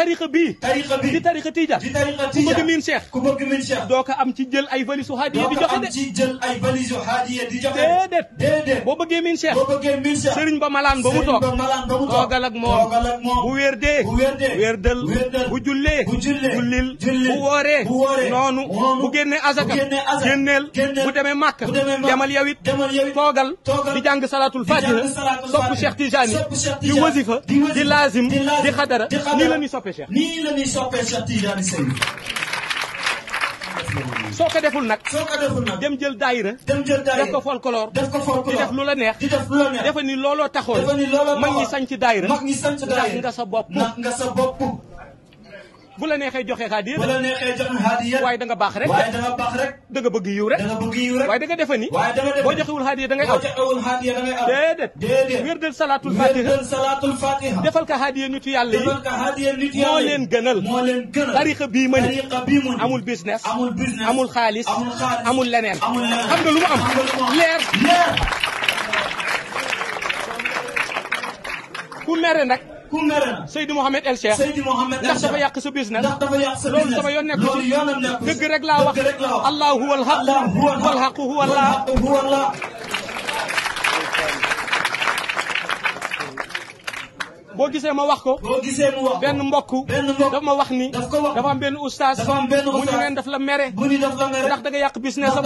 tariqa bii tariqa bii di tariqa tijaan di tariqa tijaan ku bëgg miin cheikh ku bëgg miin cheikh doo ko am ci jël ay valise u di joxe de doo ko am ci jël ay valise u haadiya di joxe déedéet déedéet boo bëggee miin cheikh sëriñ ba malaan ba mu toog sëriñ ba bu wér dee bu wér dee wér dël bu jullee bu jullee jullil bu azaka génneel bu demee màkk demal yawit toogal di jàng salaatul fatiha sopp cheikh tijaani di wasifa di laazim di xadara nii soppe soppee Cheikh. nii la ñuy soppee Cheikh Tidiane Seye. soo ko deful nag. soo ko deful nag dem jël daayira. dem jël daayira def ko folklore. def ko folklore di def lu la neex. di def lu la neex defe ni looloo taxoon. defe ni looloo taxoon mag ñi sañ ci daayira. mag ñi sañ ci daayira ndax nga sa bopp. ndax nga sa bopp. bu la neexee joxe hadiya bu la neexee joxe hadiya waaye da nga baax rek waaye da nga baax rek da nga bëgg yiw rek da nga bëgg yiw rek waaye da nga defe ni boo joxewul hadiya da ngay aw boo joxewul hadiya da ngay aw déedéet déedéet wérdal salaatul fatiha wérdal salaatul fatiha defal ka hadiya nitu yàlla yi defal ka hadiya nitu yàlla moo leen gënal moo leen gënal tariqa bii ma ni amul business amul business amul xaalis amul leneen xam nga lu mu am leer ku mere nag ku mere na Seydou Mohamed El Cheikh Seydou Mohamed El Cheikh ndax dafa yàq sa business ndax dafa yàq sa business loolu sama yoon nekk ci dëgg rek laa wax allahu huwal haq wal haq huwallah boo gisee ma wax ko boo gisee mu wax benn mbokk dafa ma wax ni dafa am benn oustaz mu ñu neen daf la mere ndax da nga yàq business am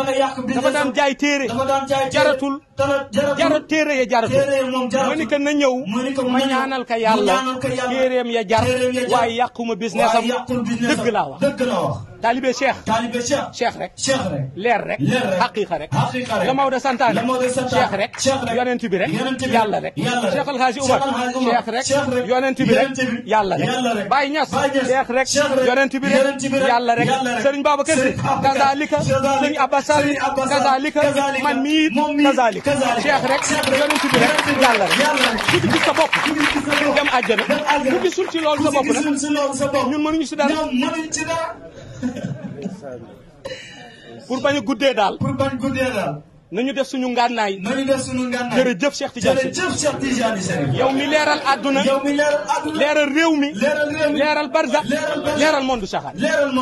dafa daan jaay téere jaratul jarat téere ya jaratul ma ni ko na ñëw ma ñaanal ka yàlla téereem ya jar waaye yàquma business am dëgg laa wax taalibe cheikh taalibe cheikh cheikh rek cheikh rek leer rek leer rek xaqiqa rek xaqiqa rek la Maodo santaane la Maodo santaane cheikh rek yonent bi rek yàlla rek cheikh alhaaji Umar cheikh rek yonent bi rek yàlla rek Baye Niass cheikh rek yonent bi rek yàlla rek Serigne Babacar Sy kazalika Serigne Abbas Sall kazalika man mii kazalika cheikh rek yonent bi rek yàlla rek ku ci gis sa bopp dem àjjana ku gisul ci loolu sa bopp nag ñun mënuñu si dara pour bañ a guddee daal. pour bañ guddee daal. nañu def suñu ngànnaay. nañu def suñu ngànnaay. jërëjëf Cheikh Tidiane jërëjëf Cheikh Tidiane yow mi leeral àdduna. yow mi leeral àdduna. leeral réew mi. leeral réew mi leeral barza. leeral